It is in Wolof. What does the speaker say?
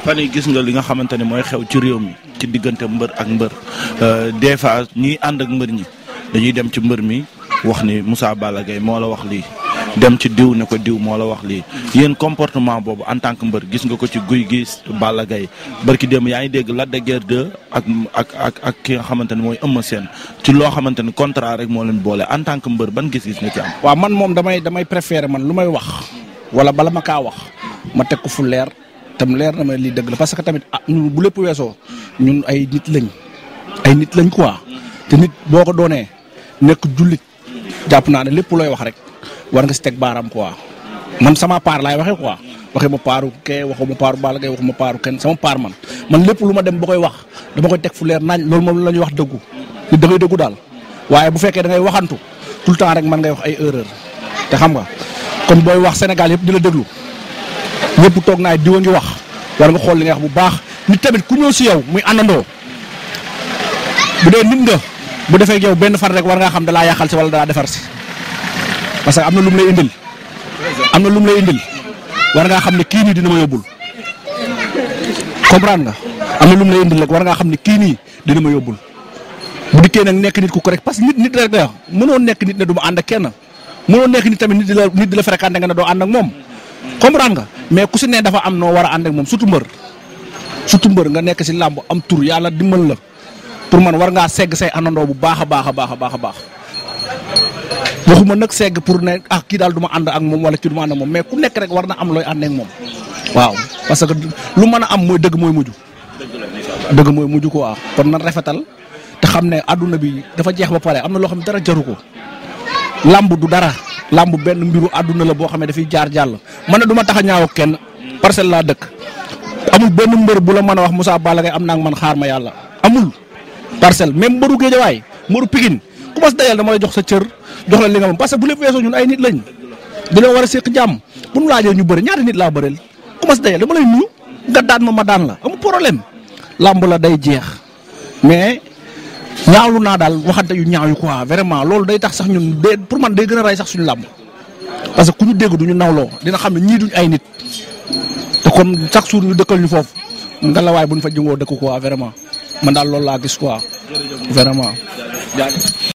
fan yi gis nga li nga xamante ne mooy xew ci réew mi ci diggante mbër ak mbër euh, des fois ñiy ànd ak mbër ñi dañuy dem ci mbër mi wax ni Moussa Balla Gaye moo la wax lii dem ci diw ne ko diw moo la wax lii yéen comportement boobu en tant mbër gis nga ko ci guy gi Balla Gaye barki démb yaa ngi dégg Lac de ak ak ak ak ki nga xamante ne mooy Eumeu seen ci loo xamante ne contrat rek moo leen boole en tant que mbër ban gis-gis nga ci am. waaw man moom damay damay préféré man lu may wax wala bala ma kaa wax ma teg ko fu leer. tam leer na ma lii dëgg la parce que tamit ah ñun bu lépp weesoo ñun ay nit lañ ay nit lañ quoi te nit boo ko doonee nekk jullit jàpp naa ne lépp looy wax rek war nga si teg baaraam quoi man sama paar laay waxee quoi waxee ma paaru kee waxuma paaru Balla Gaye waxuma paaru kenn sama paar man man lépp lu ma dem ba koy wax dama koy teg fu leer nañ loolu moom la ñuy wax dëggu nit da ngay dëggu daal waaye bu fekkee da ngay waxantu tout le temps rek man ngay wax ay erreur te xam nga kon booy wax Sénégal yëpp di la ñëpp toog naa diwa ngi wax war nga xool li nga wax bu baax nit tamit ku ñëw si yow muy àndandoo bu dee nit nga bu defee yow benn fan rek war ngaa xam dalaa yàqal si wala dalaa defar si parce que am na lum lay indil am na lum lay indil war ngaa xam ne kii nii dina ma yóbbul comprendre nga na lum lay indil rek war ngaa xam ne kii nii dina ma yóbbul bu dikkee nag nekk nit ku ko rek parce que nit nit rek da nekk nit ne du ma ànd kenn mënoo nekk nit tamit nit di la nit nga ne doo ànd ak moom. comprendre nga mais ku si ne dafa am noo war a ànd ak moom surtout mbër surtout mbër nga nekk si làmb am tur yàlla dimbal la pour man war ngaa segg say anandoo bu baax a baax a baax a baax a baax waxuma nag segg pour ne ak ah, kii daal du ma ànd ak moom wala kii du ma ànd ak moom mais ku nekk rek war na am looy ànd moom waaw parce que lu mën a am mooy dëgg mooy mujj. dëgg mooy mujj ko waaw kon nan rafetal te xam ne àdduna bi dafa jeex ba pare am na loo xam ne dara jaru ko làmb du dara. làmb benn mbiru àdduna la boo xam ne dafay jaar jàll man na du tax a ñaaw ak kenn parcelle laa dëkk amul benn mbër bu la mën a wax Moussa Balla Gaye am naa man xaar ma yàlla amul parcelle même mbëru géejawaay mbëru Pikine ku mas dajal dama la jox sa cër jox la li nga parce que bu lépp weesoo ñun ay nit lañ dañoo war a séq jàmm bu nu laajee ñu bëri ñaata nit laa bëreel ku mas dajal dama lay nuyu nga daan ma ma daan la amul problème làmb la day jeex ñaawlu naa daal waxante yu ñaaw yu quoi loolu day tax sax ñun de pour man day gën a rey sax suñu làmb parce que ku ñu dégg du ñu nawloo dina xam ne ñii duñ ay nit te comme chaque jour ñu dëkkal ñu foofu nga la waay buñ fa jëngoo dëkk quoi vraiment man daal loolu laa gis quoi vraiment.